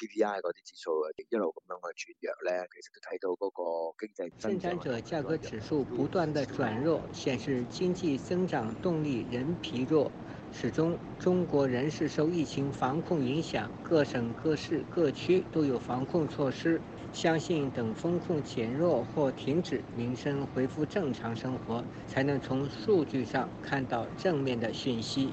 PPI 嗰啲指數一路咁樣去轉弱咧，其實都睇到嗰個經濟生產者價格指數不斷的轉弱，顯示經濟增長動力仍疲弱。始終中國仍是受疫情防控影響，各省各市各區都有防控措施。相信等封控減弱或停止，民生恢復正常生活，才能從數據上看到正面的訊息。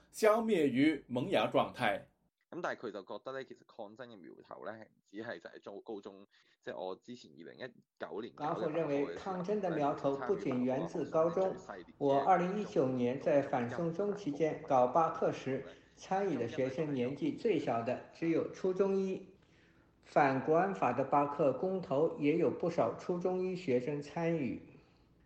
消滅於萌芽狀態，咁但係佢就覺得咧，其實抗爭嘅苗頭咧，只係就係做高中，即係我之前二零一九年。我認為抗爭嘅苗頭不僅源自高中。我二零一九年在反送中期間搞巴克時，參與嘅學生年紀最小嘅只有初中一。反國安法嘅巴克公投也有不少初中一學生參與。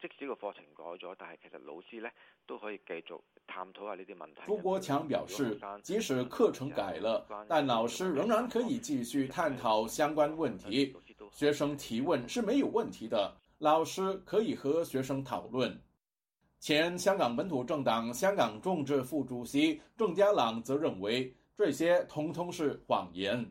即使這個課程改咗，但係其實老師咧都可以繼續探討下呢啲問題。傅國強表示，即使課程改了，但老師仍然可以繼續探討相關問題，學生提問是沒有問題的，老師可以和學生討論。前香港本土政黨香港眾志副主席鄭家朗則認為，這些通通是謊言。